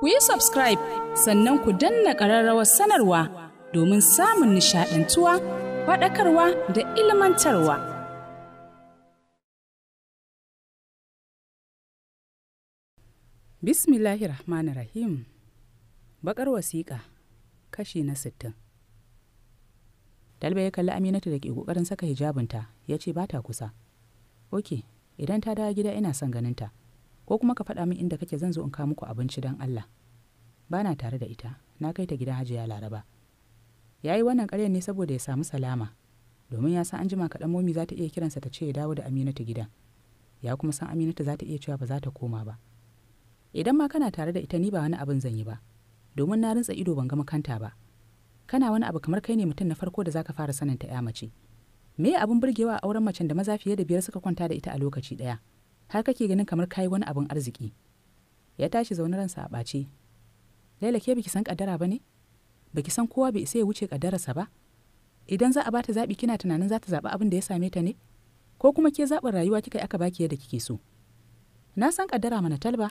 ku yi subscribe sannan ku danna ƙararrawar sanarwa domin samun nishaɗantuwa faɗakarwa da ilmantarwa. Bismillahir Rahmanir Rahim Baƙar wasiƙa kashi na sittin. Talba ya kalli Aminatu da ke ƙoƙarin saka hijabinta ya ce ba ta kusa. Oke, idan ta dawo gida ina son ganinta. ko kuma ka faɗa min inda kake zan zo in kawo muku abinci don Allah bana tare da ita na kai ta gidan hajiya laraba ya yi wannan ƙaryar ne saboda ya samu salama domin ya san an jima kaɗan momi za ta iya kiransa ta ce ya dawo da aminatu gidan ya kuma san aminatu za ta iya cewa ba za ta koma ba idan ma kana tare da ita ni ba wani abin zan yi ba domin na rintsa ido ban ga makanta ba kana wani abu kamar kai ne mutum na farko da ka fara sanin ta ya mace me abin burgewa a auren macen da maza fiye da biyar suka kwanta da ita a lokaci ɗaya har kake ganin kamar kayi wani abin arziki ya tashi zaune ransa a ɓace laila ke biki san kaddara ba ne baki san kowa bai isa ya wuce kaddararsa ba idan za a bata zaɓi kina tunanin za ta zaɓi abin da ya same ta ne ko kuma ke zaɓin rayuwa kika yi aka baki yadda kike so na san kaddara mana talba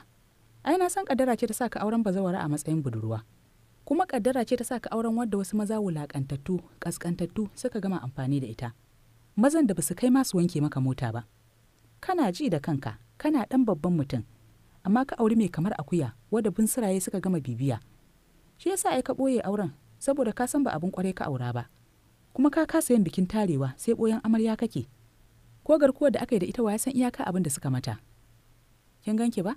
ai na san kaddara ce ta saka auren bazawara a matsayin budurwa kuma kaddara ce ta sa ka auren wadda wasu maza wulakantattu kaskantattu suka gama amfani da ita mazan da basu kai masu wanke maka mota ba kana ji da kanka kana ɗan babban mutum amma ka auri mai kamar akuya wadda siraye suka gama bibiya shi yasa ai ka ɓoye auren saboda ka san ba abin kwarai ka aura ba kuma ka kasa yin bikin tarewa sai ɓoyen amarya kake ko garkuwar da aka yi da ita wa san iyaka abin da suka mata kin ganke ba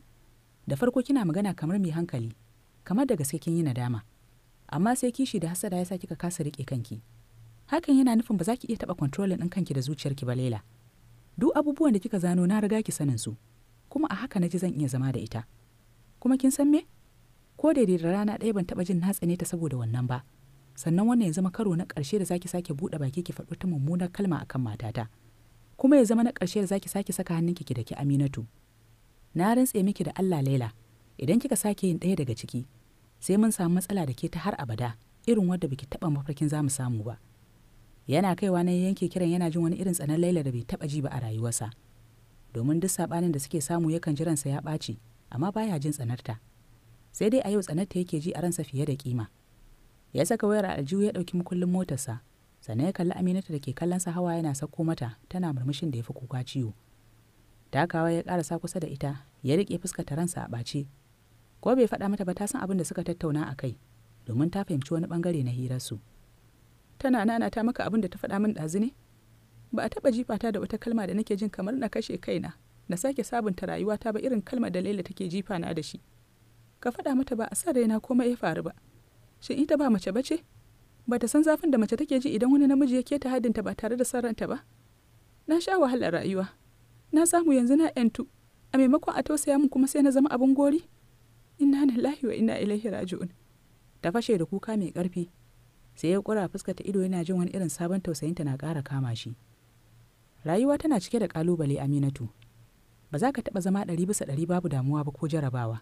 da farko kina magana kamar mai hankali kamar da gaske kin yi nadama amma sai kishi da hasada ya sa kika kasa riƙe kanki hakan yana nufin ba za ki iya taɓa kontrolin ɗin kanki da zuciyarki ba laila duk abubuwan da kika zano na riga ki sanin su kuma a haka na ji zan iya zama da ita kuma kin san me ko daidai da rana ɗaya ban taɓa jin na tsane ta saboda wannan ba sannan wannan ya zama karo na ƙarshe da zaki sake buɗe baki ki faɗi ta mummunar kalma akan matata kuma ya zama na ƙarshe da zaki sake saka hannun ki da ki Aminatu na rantse miki da Allah Laila idan kika sake yin ɗaya daga ciki sai mun samu matsala da ke ta har abada irin wadda biki taɓa mafarkin za mu samu ba. yana kaiwa na yanke kiran yana jin wani irin tsanan laila da bai taba ji ba a rayuwarsa domin duk sabanin da suke samu yakan ji ransa ya ɓaci amma baya jin tsanarta sai dai a yau tsanarta yake ji a ransa fiye da kima ya saka wayar aljihu ya ɗauki mukullin motarsa sannan ya kalli aminata da ke kallon sa hawa yana sakko mata tana murmushin da ya fi kuka ciwo takawa ya ƙarasa kusa da ita ya riƙe ta ransa a ɓace ko bai faɗa mata ba ta san abin da suka tattauna a kai domin ta fahimci wani ɓangare na hirarsu. su tana nanata maka abin da ta faɗa min ɗazu ne ba a taɓa jifa ta da wata kalma da nake jin kamar na kashe kaina na sake sabunta rayuwa ta ba irin kalma da Laila take jifa na da shi ka faɗa mata ba a san raina komai ya faru ba shin ita ba mace bace ba ta san zafin da mace take ji idan wani namiji ya keta hadinta ba tare da saranta ba na sha wahalar rayuwa na samu yanzu na yantu a maimakon a tausaya min kuma sai na zama abin gori inna lillahi wa inna ilaihi raji'un ta fashe da kuka mai ƙarfi sai ya kura, fuskar ta ido yana jin wani irin sabon tausayinta na ƙara kama shi rayuwa tana cike da ƙalubale aminatu ba za ka taɓa zama ɗari bisa ɗari babu damuwa ba ko jarabawa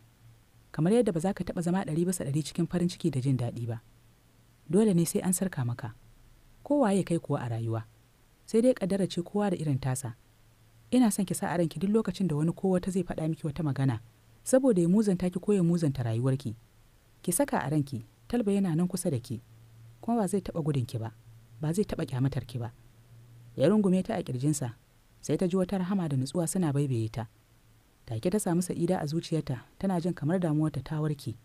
kamar yadda ba za ka taɓa zama ɗari bisa ɗari cikin farin ciki da jin daɗi ba dole ne sai an sarka maka kowa ya kai kuwa a rayuwa sai dai ƙaddara ce kowa da irin tasa ina son ki sa a ranki duk lokacin da wani ko wata zai faɗa miki wata magana saboda ya muzanta ki ko ya muzanta rayuwarki ki saka a ranki talba yana nan kusa da ki kuma ba zai taɓa gudunki ba ba zai taɓa kyamatar ki ba ya rungume ta a ƙirjinsa sai ta ji wata rahama da nutsuwa suna baibaye ta take ta samu sa'ida a zuciyarta tana jin kamar damuwarta ta warke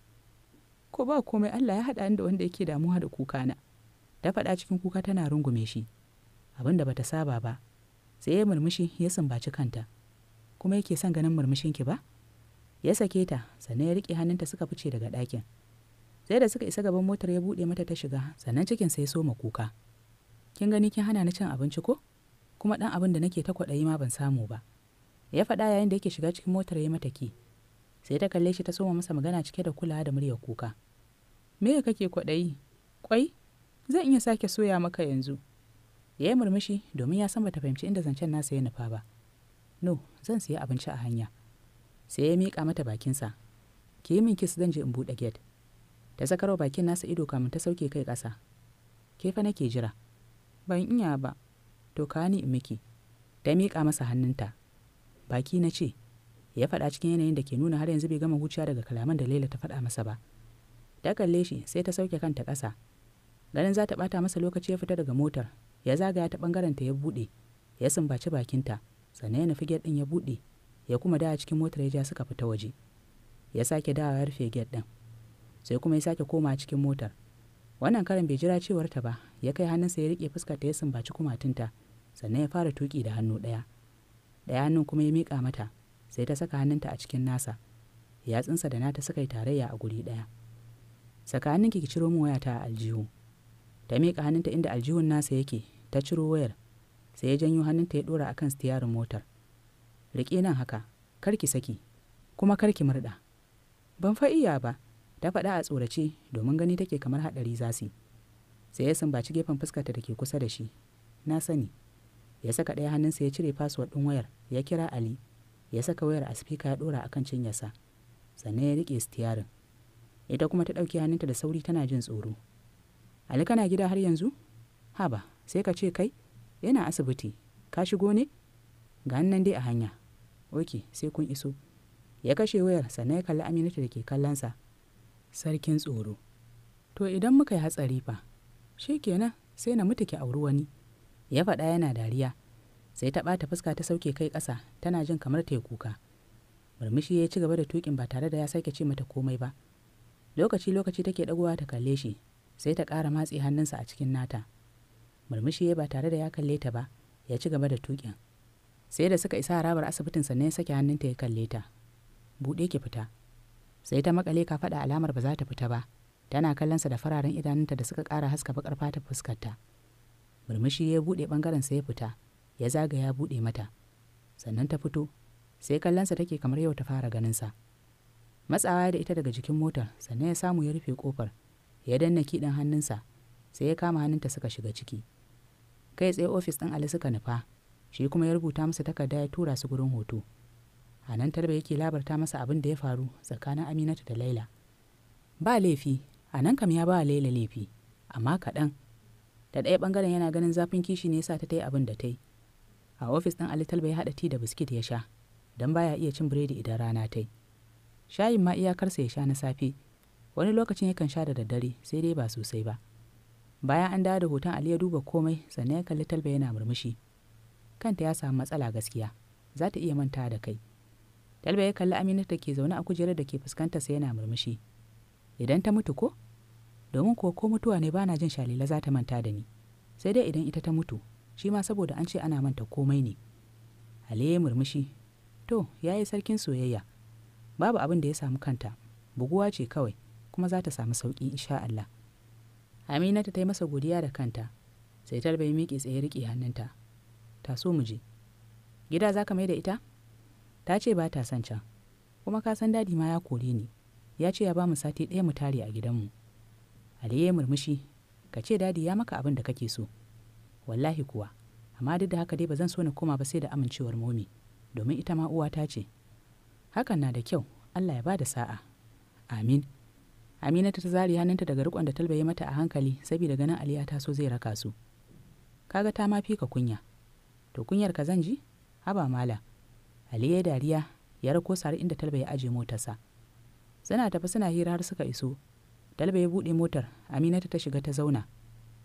ko ba komai Allah ya haɗa ni da wanda yake damuwa da kuka na ta faɗa cikin kuka tana rungume shi abin da bata saba ba sai ya murmushi ya sumbaci kanta kuma yake son ganin murmushinki ba ya sake ta sannan ya riƙe hannunta suka fice daga ɗakin sai da suka isa gaban motar ya buɗe mata ta shiga sannan cikin sai soma kuka kin gani kin hana ni cin abinci ko kuma ɗan abin da nake ta kwaɗayi ma ban samu ba ya faɗa yayin da yake shiga cikin motar ya mata ki sai ta kalle shi ta soma masa magana cike da kulawa da muryar kuka me kake kwaɗayi kwai zan iya sake soya maka yanzu ya yi murmushi domin ya san bata fahimci inda zancen nasa ya nufa ba no zan siya abinci a hanya sai ya miƙa mata bakinsa ki yi min kis zan je in buɗe gate da sakaro bakin nasa ido kamun ta sauke kai ƙasa ke fa nake jira ban iya ba to ka ni in miki ta miƙa masa hannunta baki na ce ya faɗa cikin yanayin da ke nuna har yanzu bai gama huciya daga kalaman da Laila ta faɗa masa ba ta kalle shi sai ta sauke kanta ƙasa ganin za ta ɓata masa lokaci ya fita daga motar ya zagaya ta ɓangaren ta ya buɗe ya sumbaci bakinta sannan ya nufi get ɗin ya buɗe ya kuma dawa cikin motar ya ja suka fita waje ya sake dawa ya rufe get ɗin sai kuma ya sake koma cikin motar wannan karin bai jira cewar ta ba ya kai hannunsa ya rike fuskar ta ya sumbaci kumatunta sannan ya fara tuki da hannu ɗaya ɗaya hannun kuma ya miƙa mata sai ta saka hannunta a cikin nasa yatsunsa da nata suka yi tarayya a guri ɗaya tsakanin ki ciro min wayata a aljihu ta miƙa hannunta inda aljihun nasa yake ta ciro wayar sai ya janyo hannunta ya ɗora akan stiyarin motar riƙe nan haka kar ki saki kuma kar ki murɗa ban fa iya ba ta faɗa a tsorace domin gani take kamar haɗari za su sai ya sumbaci gefen fuskarta da ke kusa da shi na sani ya saka ɗaya hannunsa ya cire fasuwar ɗin wayar ya kira ali ya saka wayar a sifika ya ɗora akan cinyarsa sannan ya riƙe stiyarin ita kuma ta ɗauki hannunta da sauri tana jin tsoro ali kana gida har yanzu haba sai ka ce kai yana asibiti ka shigo ne ga nan dai a hanya oke sai kun iso ya kashe wayar sannan ya kalli aminata da ke kallonsa sarkin tsoro to idan muka yi hatsari fa shi kenan sai na mutu ki auri wani ya faɗa yana dariya sai ta ɓata fuska ta sauke kai ƙasa tana jin kamar ta kuka murmushi ya ci gaba da tukin ba tare da ya sake ce mata komai ba lokaci lokaci take ɗagowa ta kalle shi sai ta ƙara matse hannunsa a cikin nata murmushi ya ba tare da ya kalle ta ba ya ci gaba da tukin sai da suka isa harabar asibitin sannan ya sake hannunta ya kalle ta buɗe ki fita sai ta makale ka faɗa alamar ba za ta fita ba tana kallonsa da fararen idanunta da suka ƙara haska bakar fata fuskarta murmushi ya buɗe ɓangaren sa ya fita ya zaga ya buɗe mata sannan ta fito sai kallonsa take kamar yau ta fara ganin sa matsawa da ita daga jikin motar sannan ya samu ya rufe kofar ya danna kiɗin hannunsa sai ya kama hannunta suka shiga ciki kai tsaye ofis ɗin ali suka nufa shi kuma ya rubuta masa takarda ya tura su gurin hoto a nan tarba yake labarta masa abin da ya faru tsakanin aminatu da laila ba laifi a nan kam ya ba laila laifi amma kaɗan da ɗaya ɓangaren yana ganin zafin kishi ne sa ta ta yi abin da ta yi a ofis ɗin ali talba ya haɗa ti da biskit ya sha don baya iya cin biredi idan rana ta yi shayin ma iyakarsa ya sha na safe wani lokacin yakan sha da daddare sai dai ba sosai ba bayan an dawo da hoton ali ya duba komai sannan ya kalli talba yana murmushi kanta ya samu matsala gaskiya za ta iya manta da kai Talba ya kalli Aminatu da ke zaune a kujerar da ke fuskantar sa yana murmushi. Idan ta mutu ko? Domin kuwa ko mutuwa ne bana jin Shalila za ta manta da ni. Sai dai idan ita ta mutu, shi ma saboda an ce ana manta komai ne. Ali ya murmushi. To, ya yi sarkin soyayya. Babu abin da ya samu kanta. Buguwa ce kawai, kuma za ta samu sauƙi insha Allah. Aminatu ta yi masa godiya da kanta. Sai Talba ya miƙe tsaye riƙe hannunta. so mu je. Gida za ka mai da ita? ta ce ba ta son can kuma ka san dadi ma ya kore ni ya ce ya ba mu sati ɗaya mu tare a gidanmu ali ya murmushi ka ce dadi ya maka abin da kake so wallahi kuwa amma duk da haka dai ba zan so na koma ba sai da amincewar momi domin ita ma uwa ta ce hakan na da kyau allah ya ba da sa'a amin Amina ta zari hannunta daga rikon da talba mata a hankali saboda ganin aliya ta so zai raka su kaga ta ma fika kunya to kunyar ka zan ji haba mala ali ya dariya ya rako sare inda talba ya aje motarsa suna tafi suna hira har suka iso talba ya buɗe motar aminata ta shiga ta zauna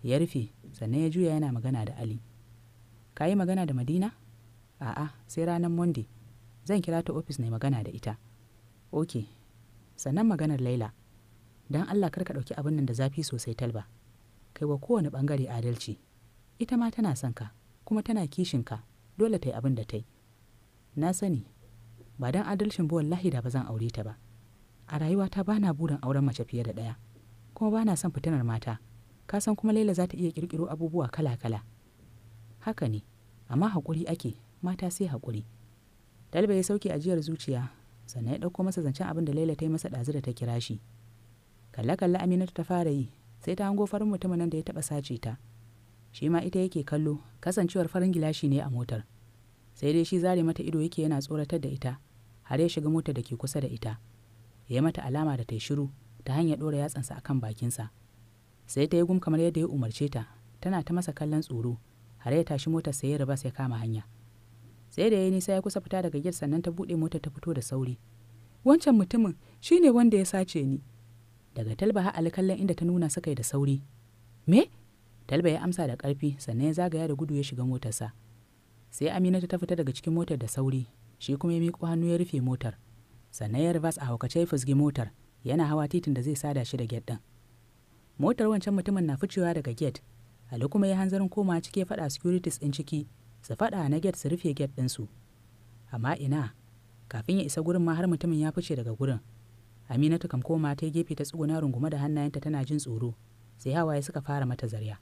ya rufe sannan ya juya yana magana da ali ka yi magana da madina a'a sai ranar monday zan kira ta ofis na magana da ita ok sannan maganar laila don allah kar ka ɗauki abin nan da zafi sosai talba kai wa kowane ɓangare adalci ita ma tana son ka kuma tana kishin ka. dole ta yi abin da ta yi na sani ba don adalcin buwan lahida ba zan aure ta ba a rayuwata ba na burin auren mace fiye da ɗaya kuma ba na son fitinar mata ka san kuma laila za ta iya ƙirƙiro abubuwa kala-kala haka ne amma haƙuri ake mata sai haƙuri talba ya sauke ajiyar zuciya sannan ya ɗauko masa zancen abin da laila ta yi masa ɗazu da ta kira shi kalle-kalle aminatu ta fara yi sai ta hango farin mutumin nan da ya taɓa sace ta shi ma ita yake kallo kasancewar farin gilashi ne a motar sai dai shi zare mata ido yake yana tsoratar da ita har ya shiga mota da ke kusa da ita ya yi mata alama da ta yi shiru ta hanyar ɗora yatsansa akan bakinsa sai ta yi gum kamar yadda ya umarce ta tana ta masa kallon tsoro har ya tashi motar sai ya raba sai kama hanya sai da ya yi nisa ya kusa fita daga gate sannan ta buɗe motar ta fito da sauri wancan mutumin shine wanda ya sace ni daga talba har kallon inda ta nuna suka yi da sauri me talba ya amsa da ƙarfi sannan ya zagaya da gudu ya shiga motarsa sai aminatu ta fita daga cikin motar da sauri shi kuma ya miƙo hannu ya rufe motar sannan ya reverse a haukace ya fusgi motar yana hawa titin da zai sada shi da get ɗin motar wancan mutumin na ficewa daga get hali kuma ya hanzarin koma cike faɗa securities ɗin ciki su faɗa na get su rufe get su amma ina kafin ya isa gurin ma har mutumin ya fice daga gurin aminatu kam koma ta gefe ta tsuguna runguma da hannayenta tana jin tsoro sai hawaye suka fara mata zarya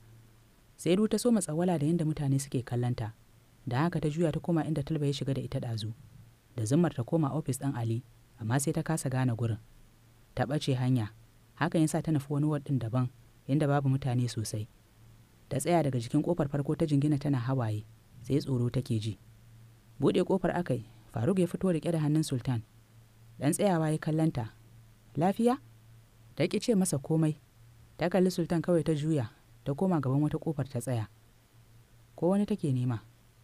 sai ta so matsawala da yadda mutane suke kallanta da haka ta juya ta koma inda talba ya shiga da ita ɗazu da zummar ta koma ofis ɗin ali amma sai ta kasa gane gurin ta ɓace hanya hakan yasa ta nufi wani waɗin daban inda babu mutane sosai ta tsaya daga jikin ƙofar farko ta jingina tana hawaye sai tsoro take ji buɗe kofar akai faruk ya fito riƙe da hannun sultan ɗan tsayawa ya kallanta lafiya ta ƙi ce masa komai ta kalli sultan kawai ta juya ta koma gaban wata kofar ta tsaya ko wani take nema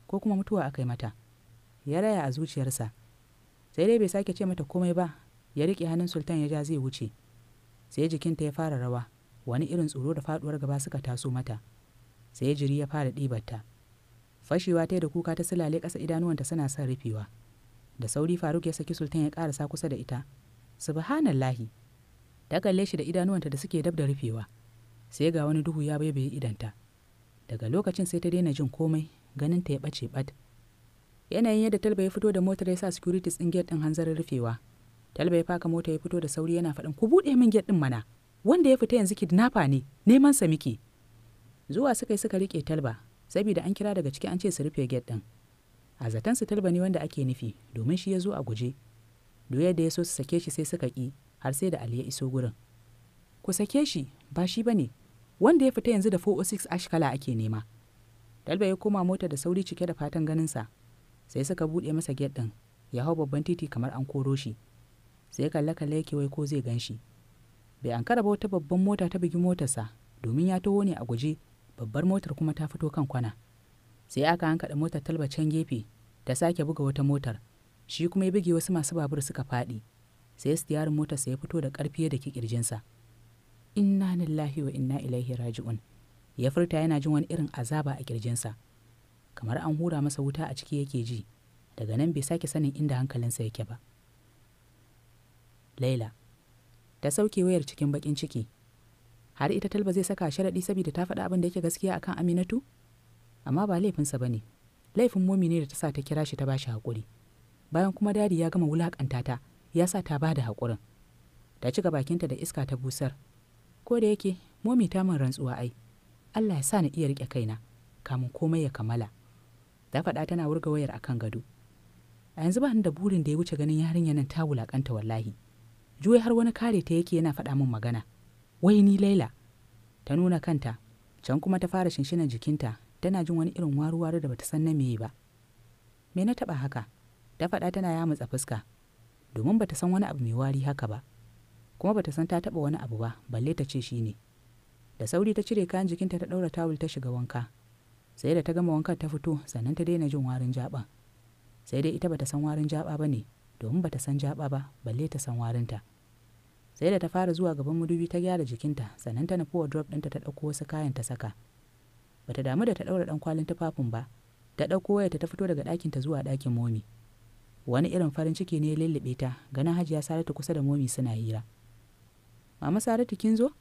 ko kuma mutuwa aka yi mata ya raya a zuciyarsa sai dai bai sake ce mata komai ba ya riƙe hannun sultan ya ja zai wuce sai jikinta ya fara rawa wani irin tsoro da faɗuwar gaba suka taso mata sai jiri ya fara ɗibarta fashewa ta da kuka ta silale ƙasa idanuwanta suna son rufewa da sauri faruk ya saki sultan ya ƙarasa kusa da ita subhanallahi ta kalle shi da idanuwanta da suke dab da rufewa sai ga wani duhu ya baibaye idanta daga lokacin sai ta daina jin komai ganin ta ya ɓace ɓat yanayin yadda talba ya fito da motar ya sa security ɗin gate din hanzarin rufewa talba ya faka mota ya fito da sauri yana faɗin ku buɗe min gate ɗin mana wanda ya fita yanzu kidnapper ne neman sa miki zuwa suka yi suka rike talba saboda an kira daga ciki an ce su rufe gate ɗin a zaton su talba ne wanda ake nufi domin shi ya zo a guje doya da ya so su sake shi sai suka ƙi har sai da ali ya iso gurin ku sake shi ba shi bane. wanda ya fita yanzu da 406 ashkala ake nema Dalba ya koma mota da sauri cike da fatan ganinsa. Sai suka buɗe masa get ɗin, ya hau babban titi kamar an koro shi. Sai kalle kalle yake wai ko zai ganshi. Bai ankara ba wata babban mota ta bugi motarsa domin ya taho ne a guje, babbar motar kuma ta fito kan kwana. Sai aka hankaɗa motar talba can gefe, ta sake buga wata motar. Shi kuma ya buge wasu masu babur suka faɗi. Sai stiyarin motarsa ya fito da ƙarfi da kikirjinsa. Inna lillahi wa inna ilaihi raji'un. ya furta yana jin wani irin azaba a kirjinsa kamar an hura masa wuta a ciki yake ji daga nan bai sake sanin inda hankalinsa yake ba laila ta sauke wayar cikin bakin ciki har ita talba zai saka sharaɗi saboda ta faɗa abin da yake gaskiya akan aminatu amma ba laifinsa ba ne laifin momi ne da ta sa ta kira shi ta bashi haƙuri bayan kuma dadi ya gama wulaƙanta ta ya sa ta ba da haƙurin ta cika bakinta da iska ta busar ko da yake momi ta min rantsuwa ai Allah ya sa na iya riƙe kaina kamun komai ya kammala ta faɗa tana wurga wayar akan gado a yanzu ba da burin da ya wuce ganin yarinya nan ta wulakanta wallahi juya har wani kare ta yake yana faɗa min magana wai ni laila ta nuna kanta can kuma ta fara shinshinan jikinta tana jin wani irin waru-waru da bata san na meye ba me na taɓa haka ta faɗa tana yamatsa fuska domin bata san wani abu mai wari haka ba kuma bata san ta taɓa wani abu ba balle ta ce shi ne da sauri ta cire kayan jikinta ta ɗaura tawul ta shiga wanka sai da ta gama wankan ta fito sannan ta daina jin warin jaba sai dai ita bata san warin jaba ba ne domin bata san jaba ba balle ta san warinta sai da ta fara zuwa gaban madubi ta gyara jikinta sannan ta nufi wardrobe ɗinta ta ɗauko wasu kayan ta saka bata damu da ta ɗaura ɗan kwalin tufafin ba ta ɗauko wayarta ta fito daga ɗakinta zuwa ɗakin momi wani irin farin ciki ne ya lullube ta ganin hajiya saratu kusa da momi suna hira mama saratu kin zo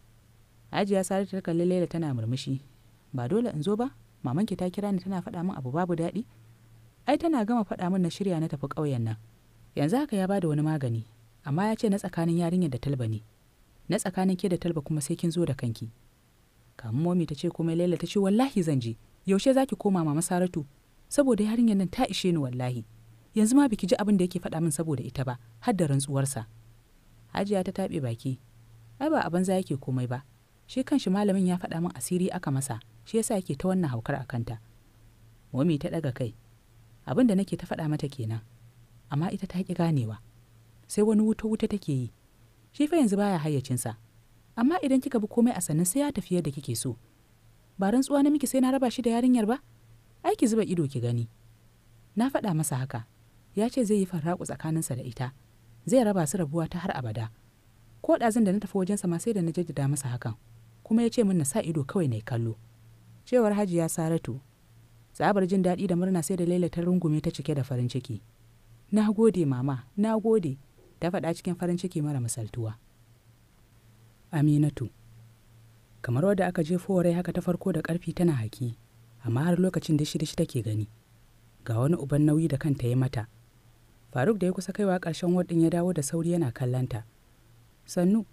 Hajiya Saratu ta kalli Laila tana murmushi. Ba dole in zo ba, mamanki ta kira ni tana faɗa min abu babu daɗi. Ai tana gama faɗa min na shirya na tafi ƙauyen nan. Yanzu haka ya bada wani magani, amma ya ce na tsakanin yarinyar da talba ne. Na tsakanin ke da talba kuma sai kin zo da kanki. Kamun momi ta ce kuma Laila ta ce wallahi zan je. Yaushe za ki koma mama Saratu? Saboda yarinyar nan ta ishe ni wallahi. Yanzu ma biki ji abin da yake faɗa min saboda ita ba, har da rantsuwarsa. Hajiya ta taɓe baki. Ai ba a banza yake komai ba, shi kanshi malamin ya faɗa min asiri aka masa shi yasa yake ta wannan haukar a kanta momi ta ɗaga kai abin da nake ta faɗa mata kenan amma ita ta ƙi ganewa sai wani wuta wuta take yi shi fa yanzu baya hayyacinsa amma idan kika bi komai a sannan sai ya tafi yadda kike so ba rantsuwa na miki sai na raba shi da yarinyar ba ai ki zuba ido ki gani na faɗa masa haka ya ce zai yi farraku tsakaninsa da ita zai raba su rabuwa ta har abada ko ɗazin da na tafi wajensa ma sai da na jaddada masa hakan kuma ya ce min na sa ido kawai na kallo cewar hajiya saratu tsabar jin daɗi da murna sai da laila ta rungume ta cike da farin ciki na gode mama na gode ta faɗa cikin farin ciki mara misaltuwa aminatu kamar wadda aka je rai haka ta farko da ƙarfi tana haki amma har lokacin da shi take gani ga wani uban nauyi da kanta ya mata faruk da ya kusa kaiwa ƙarshen wadin ya dawo da sauri yana kallanta sannu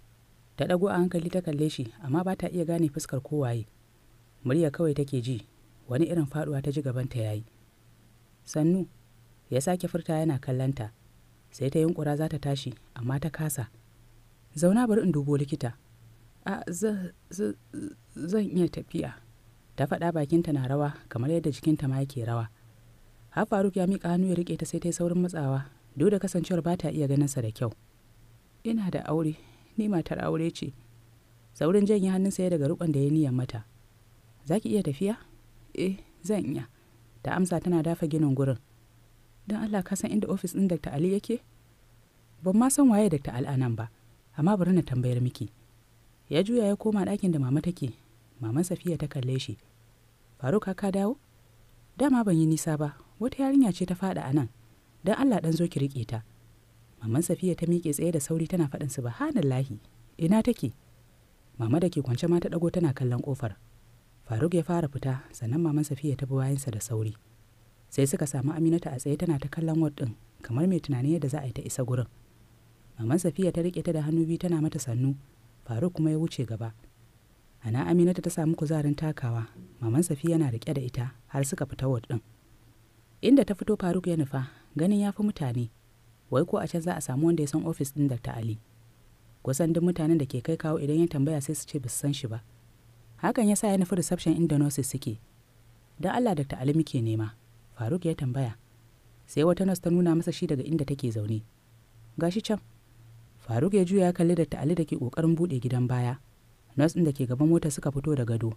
ta ɗago a hankali ta kalle shi amma ba ta iya gane fuskar kowaye murya kawai take ji wani irin faɗuwa ta ji gabanta ya yi sannu ya sake furta yana kallanta sai ta yunkura za ta tashi amma ta kasa zauna bari in dubo likita a zan iya tafiya ta faɗa bakinta na rawa kamar yadda jikinta ma yake rawa har faruk ya miƙa hannu ya riƙe ta sai ta yi saurin matsawa duk da kasancewar ba ta iya ganinsa da kyau ina da aure ni matar aure ce saurin janye hannun ya daga rukon da ya niyan mata za ki iya tafiya eh zan iya ta amsa tana dafa ginin gurin don allah ka san inda ofis ɗin dr ali yake ban ma san waye dr nan ba amma bari na tambayar miki ya juya ya koma ɗakin da mama take maman safiya ta kalle shi faruk ka dawo dama ban yi nisa ba wata yarinya ce ta faɗa a nan don allah ɗan zo ki riƙe ta maman safiya ta miƙe tsaye da sauri tana faɗin subhanallahi ina take mama da ke kwance ma ta ɗago tana kallon ƙofar faruk ya fara fita sannan maman safiya ta bi bayansa da sauri sai suka samu aminata a tsaye tana ta kallon ward ɗin kamar mai tunani yadda za a yi ta isa gurin maman safiya ta riƙe ta da hannu biyu tana mata sannu faruk kuma ya wuce gaba ana aminata ta samu kuzarin takawa maman safiya na riƙe da ita har suka fita ward ɗin inda ta fito faruk ya nufa ganin ya fi mutane wai ko a can za a samu wanda ya san ofis ɗin Dr. Ali. Kusan duk mutanen da ke kai kawo idan ya tambaya sai su ce ba su san shi ba. Hakan ya sa ya nufi reception inda nurses suke. Don Allah Dr. Ali muke nema. Faruk ya tambaya. Sai wata nurse ta nuna masa shi daga inda take zaune. Gashi can. Faruk ya juya ya kalli Dr. Ali da ke ƙoƙarin buɗe gidan baya. Nurse ɗin da ke gaban mota suka fito da gado.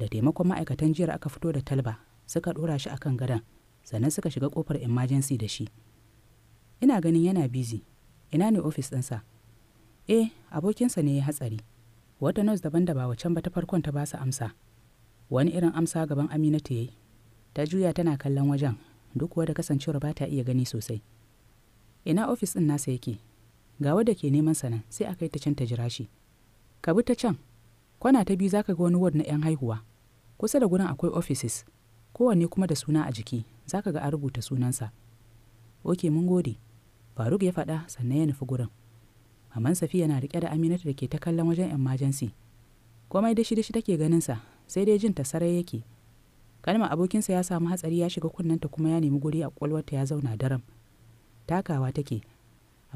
Da taimakon ma'aikatan jiyar aka fito da talba suka ɗora shi akan gadon sannan suka shiga ƙofar emergency da shi. ina ganin yana busy ina ne ofis ɗinsa eh abokinsa ne ya hatsari wata nos daban da ba wacan ba ta farkon ta ba su amsa wani irin amsa gaban aminatu yi. ta juya tana kallon wajen duk da kasancewar ba ta iya gani sosai ina ofis ɗin nasa yake ga wadda ke neman sanan sai a yi ta can ta jira shi ka bi ta can kwana ta biyu za ka ga wani ward na 'yan haihuwa kusa da gurin akwai ofisis. kowanne kuma da suna a jiki za ka ga a rubuta sunansa oke mun gode faruk ya faɗa sannan ya nufi gurin maman safiya na riƙe da aminatu da ke ta kallon wajen majansi. komai dashi dashi take ganinsa sai dai jin ta sarai yake kalma abokinsa ya samu hatsari ya shiga kunnanta kuma ya nemi guri a kwalwarta ya zauna daram takawa take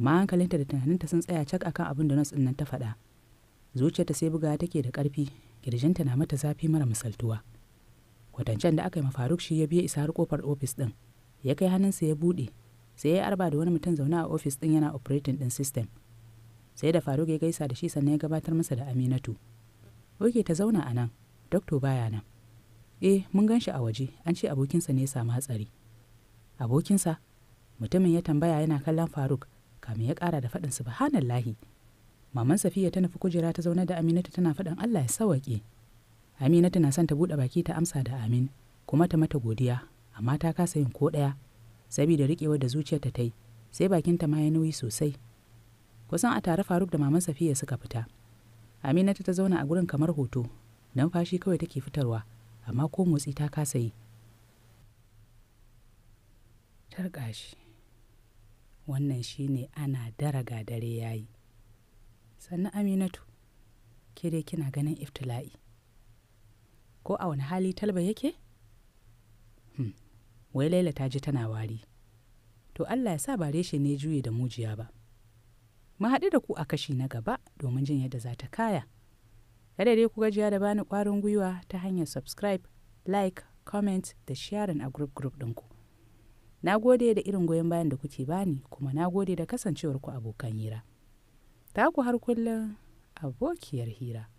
amma hankalinta da tunaninta sun tsaya cak akan abin da nas ɗin nan ta faɗa zuciyarta sai buga take da ƙarfi kirjinta na mata zafi mara misaltuwa kwatancen da aka yi ma faruk shi ya biya isa har kofar ofis ɗin ya kai hannunsa ya buɗe sai ya arba da wani mutum zaune a ofis din yana operating din system sai da faruk ya gaisa da shi sannan ya gabatar masa da aminatu oke ta zauna a nan dokto baya nan eh mun gan shi a waje an ce abokinsa ne ya samu hatsari abokinsa mutumin ya tambaya yana kallon faruk kamin ya kara da faɗin subhanallahi maman safiya ta nufi kujera ta zauna da aminatu tana faɗin allah ya sawaƙe aminatu na son ta buɗe baki ta amsa da amin kuma ta mata godiya amma ta kasa yin ko ɗaya saboda riƙewar da zuciyarta ta yi sai bakinta ma ya nauyi sosai kusan a tare faruk da maman safiya suka fita aminatu ta zauna a gurin kamar hoto numfashi kawai take fitarwa amma ko motsi ta kasa yi wannan shi wannan shine ana daraga dare ya yi. sannan aminatu ke dai kina ganin iftila'i ko a wani hali talba yake hmm. wai laila ta ji tana wari to allah ya sa ba reshe ne juye da mujiya ba mu haɗu da ku a kashi na gaba domin jin yadda za ta kaya kada dai ku gajiya da bani ƙwarin gwiwa ta hanyar subscribe like comment da sharing a group group ɗinku na gode da irin goyon bayan da kuke bani kuma na gode da kasancewarku abokan hira ta ku har kullum abokiyar hira